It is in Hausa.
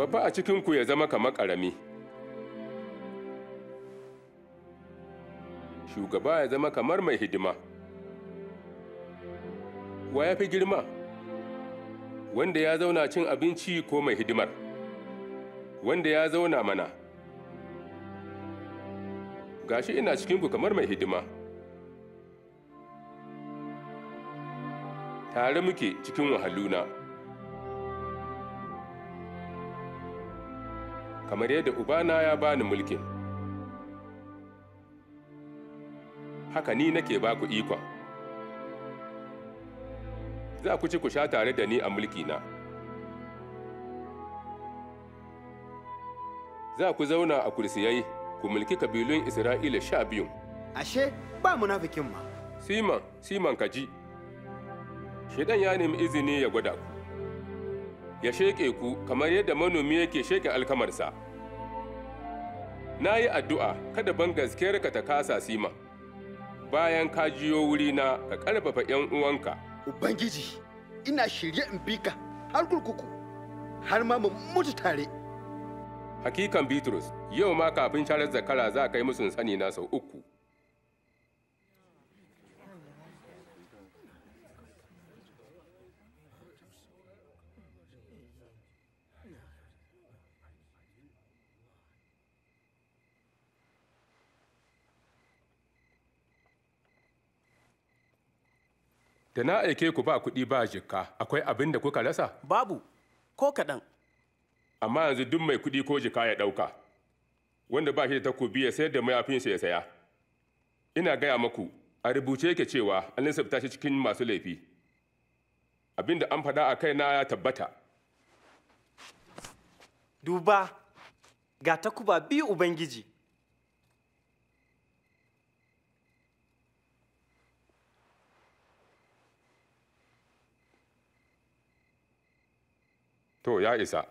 babba a cikinku ya zama kamar ƙarami shugaba ya zama kamar mai hidima wa ya fi girma wanda ya zauna cin abinci ko mai hidimar wanda ya zauna mana gashi ina cikinku kamar mai hidima tare muke cikin wahaluna. kamar yadda Ubana ya bani mulkin. Haka ni nake ba ku ikon. Za ku ci ku sha tare da ni a mulkina. Za ku zauna a kursiyai ku mulki kabilun Isra'ila sha biyun. Ashe ba munafikin ma. Siman, Siman ka ji. Shaidan ya nemi izini ya gwada ku. ya sheƙe ku kamar yadda manomi yake sheƙe alkamarsa. na yi addu'a kada ban gaskiyarka ta kasa sima bayan ka jiyo wuri na ka ƙarfafa ‘yan uwanka. Ubangiji, ina shirye in bi ka har kurkuku, har ma mu mutu tare. Hakikan Bitrus, yau ma kafin sharar zakara za ka yi musun sani na sau uku. Da na aike ku ba kuɗi ba jikka, akwai abin da kuka rasa? Babu, ko kaɗan. Amma yanzu duk mai kuɗi ko jika ya ɗauka, wanda ba shi da takobi ya sayar da mayafinsa ya saya. Ina gaya maku, a rubuce yake cewa an lissafta shi cikin masu laifi. Abin da an faɗa a kai na ya tabbata. Duba, ga takuba biyu Ubangiji. と八重さ